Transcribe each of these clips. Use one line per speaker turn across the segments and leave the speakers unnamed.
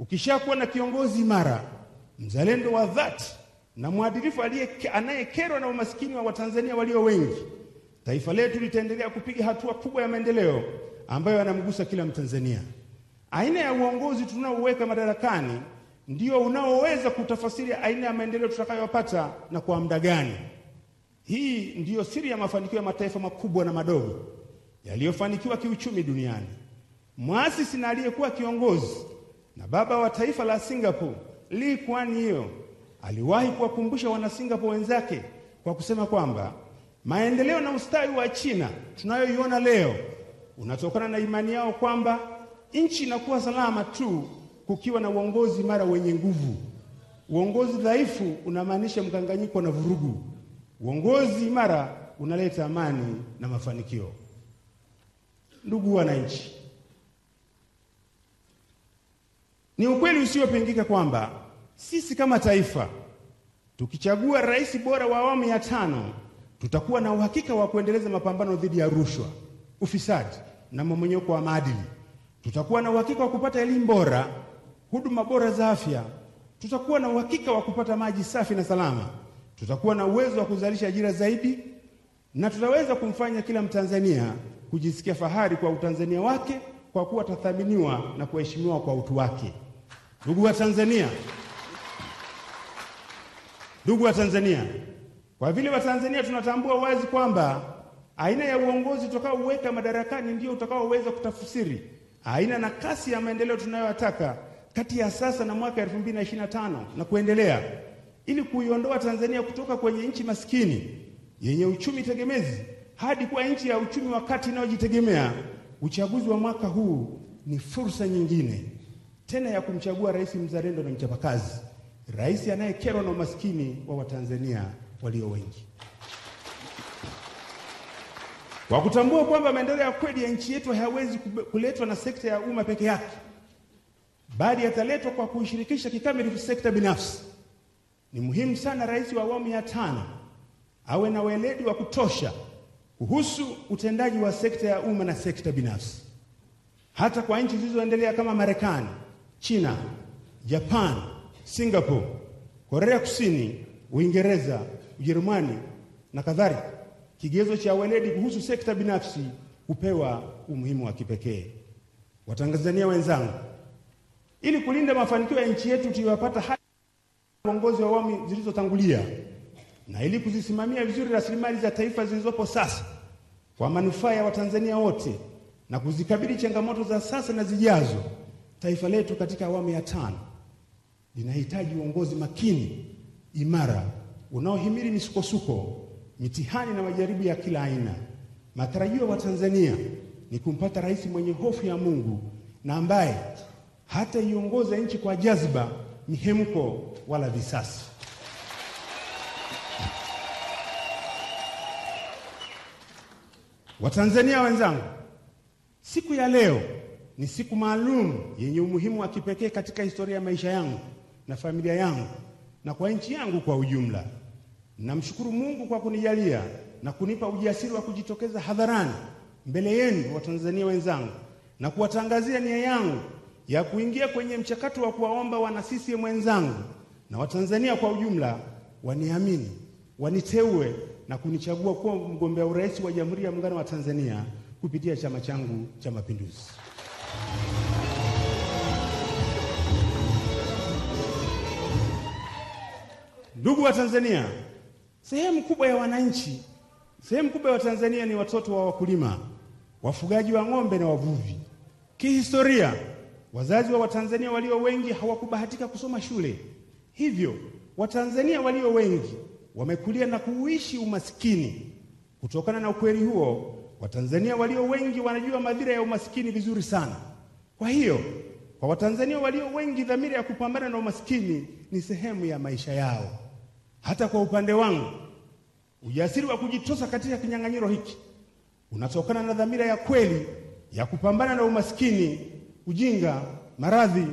Ukishakuwa na kiongozi imara, mzalendo wa dhati na mwadilifu anayekerwa na umaskini wa Watanzania walio wengi, taifa letu litaendelea kupiga hatua kubwa ya maendeleo ambayo yanamgusa kila Mtanzania. Aina ya uongozi tunaouweka madarakani ndio unaoweza kutafasiri aina ya maendeleo tutakayopata na kwa muda gani. Hii ndiyo siri ya mafanikio ya mataifa makubwa na madogo yaliyofanikiwa kiuchumi duniani. Mwasisi na aliyekuwa kiongozi na baba wa taifa la Singapore Lee Kuan Yew aliwahi kuwakumbusha wana Singapore wenzake kwa kusema kwamba maendeleo na ustawi wa China tunayoiona leo unatokana na imani yao kwamba nchi inakuwa salama tu kukiwa na uongozi mara wenye nguvu. Uongozi dhaifu unamaanisha mkanganyiko na vurugu. Uongozi imara unaleta amani na mafanikio. Ndugu wananchi, Ni ukweli usiopingika kwamba sisi kama taifa tukichagua rais bora wa awamu ya tano tutakuwa na uhakika wa kuendeleza mapambano dhidi ya rushwa, ufisadi na mmomonyoko wa maadili. Tutakuwa na uhakika wa kupata elimu bora, huduma bora za afya. Tutakuwa na uhakika wa kupata maji safi na salama. Tutakuwa na uwezo wa kuzalisha ajira zaidi, na tutaweza kumfanya kila Mtanzania kujisikia fahari kwa utanzania wake, kwa kuwa tathaminiwa na kuheshimiwa kwa utu wake. Ndugu wa Tanzania, ndugu wa Tanzania, kwa vile Watanzania tunatambua wazi kwamba aina ya uongozi utakaouweka madarakani ndio utakaoweza kutafsiri aina na kasi ya maendeleo tunayotaka kati ya sasa na mwaka 2025 na kuendelea, ili kuiondoa Tanzania kutoka kwenye nchi maskini yenye uchumi tegemezi hadi kuwa nchi ya uchumi wa kati inayojitegemea. Uchaguzi wa mwaka huu ni fursa nyingine tena ya kumchagua rais mzalendo na mchapakazi, rais anayekerwa na umaskini wa Watanzania walio wengi, kwa kutambua kwamba maendeleo ya kweli ya nchi yetu hayawezi kuletwa na sekta ya umma peke yake, bali yataletwa kwa kuishirikisha kikamilifu sekta binafsi. Ni muhimu sana rais wa awamu ya tano awe na weledi wa kutosha kuhusu utendaji wa sekta ya umma na sekta binafsi. Hata kwa nchi zilizoendelea kama Marekani China, Japan, Singapore, Korea Kusini, Uingereza, Ujerumani na kadhalika. Kigezo cha weledi kuhusu sekta binafsi hupewa umuhimu wa kipekee. Watanzania wenzangu, ili kulinda mafanikio ya nchi yetu tuliyoyapata hadi uongozi wa awamu zilizotangulia na ili kuzisimamia vizuri rasilimali za taifa zilizopo sasa kwa manufaa ya Watanzania wote na kuzikabili changamoto za sasa na zijazo Taifa letu katika awamu ya tano linahitaji uongozi makini, imara, unaohimili misukosuko, mitihani na majaribu ya kila aina. Matarajio wa Tanzania ni kumpata rais mwenye hofu ya Mungu na ambaye hata iongoza nchi kwa jazba, mihemko wala visasi. Watanzania wenzangu, siku ya leo ni siku maalum yenye umuhimu wa kipekee katika historia ya maisha yangu na familia yangu na kwa nchi yangu kwa ujumla. Namshukuru Mungu kwa kunijalia na kunipa ujasiri wa kujitokeza hadharani mbele yenu Watanzania wenzangu na kuwatangazia nia yangu ya kuingia kwenye mchakato wa kuwaomba wana CCM wenzangu na Watanzania kwa ujumla waniamini, waniteue na kunichagua kuwa mgombea urais wa Jamhuri ya Muungano wa Tanzania kupitia chama changu cha Mapinduzi. Ndugu wa Tanzania, sehemu kubwa ya wananchi, sehemu kubwa ya Watanzania ni watoto wa wakulima, wafugaji wa ng'ombe na wavuvi. Kihistoria, wazazi wa Watanzania walio wengi hawakubahatika kusoma shule, hivyo Watanzania walio wengi wamekulia na kuuishi umaskini. Kutokana na ukweli huo, Watanzania walio wengi wanajua madhira ya umaskini vizuri sana. Kwa hiyo kwa Watanzania walio wengi, dhamira ya kupambana na umaskini ni sehemu ya maisha yao. Hata kwa upande wangu, ujasiri wa kujitosa katika kinyang'anyiro hiki unatokana na dhamira ya kweli ya kupambana na umaskini, ujinga, maradhi,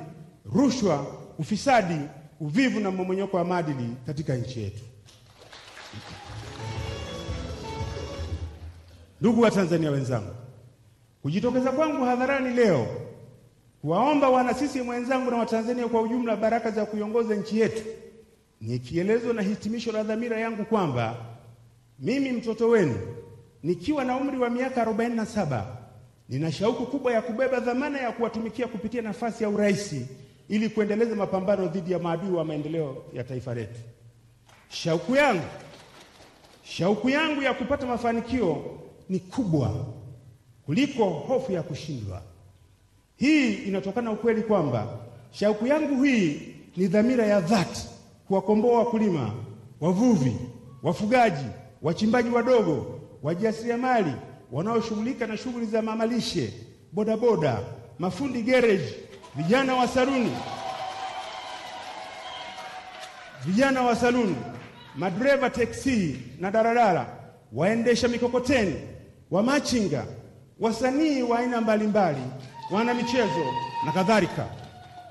rushwa, ufisadi, uvivu na mmomonyoko wa maadili katika nchi yetu. Ndugu wa Tanzania wenzangu, kujitokeza kwangu hadharani leo kuwaomba wana CCM wenzangu na Watanzania kwa ujumla baraka za kuiongoza nchi yetu ni kielezo na hitimisho la dhamira yangu kwamba mimi mtoto wenu nikiwa na umri wa miaka 47 nina shauku kubwa ya kubeba dhamana ya kuwatumikia kupitia nafasi ya urais ili kuendeleza mapambano dhidi ya maadui wa maendeleo ya taifa letu. Shauku yangu, shauku yangu ya kupata mafanikio ni kubwa kuliko hofu ya kushindwa. Hii inatokana ukweli kwamba shauku yangu hii ni dhamira ya dhati kuwakomboa wakulima, wavuvi, wafugaji, wachimbaji wadogo, wajasiriamali wanaoshughulika na shughuli za mamalishe, bodaboda, mafundi gereji, vijana wa saluni, vijana wa saluni, madereva teksi na daladala, waendesha mikokoteni wamachinga, wasanii wa aina mbalimbali, wana michezo na kadhalika,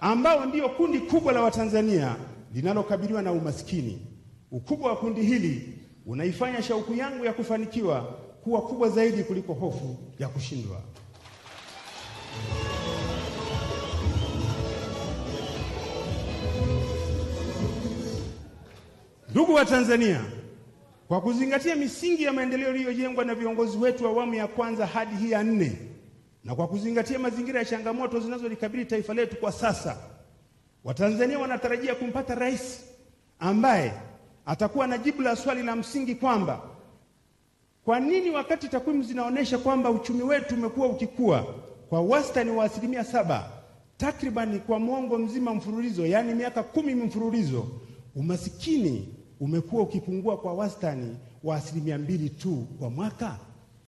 ambao ndiyo kundi kubwa la Watanzania linalokabiliwa na umaskini. Ukubwa wa kundi hili unaifanya shauku yangu ya kufanikiwa kuwa kubwa zaidi kuliko hofu ya kushindwa. Ndugu wa Tanzania, kwa kuzingatia misingi ya maendeleo iliyojengwa na viongozi wetu wa awamu ya kwanza hadi hii ya nne na kwa kuzingatia mazingira ya changamoto zinazolikabili taifa letu kwa sasa, Watanzania wanatarajia kumpata rais ambaye atakuwa na jibu la swali la msingi kwamba kwa nini wakati takwimu zinaonyesha kwamba uchumi wetu umekuwa ukikua kwa wastani wa asilimia saba takribani kwa mwongo mzima mfululizo, yaani miaka kumi mfululizo, umasikini umekuwa ukipungua kwa wastani wa asilimia mbili tu kwa mwaka.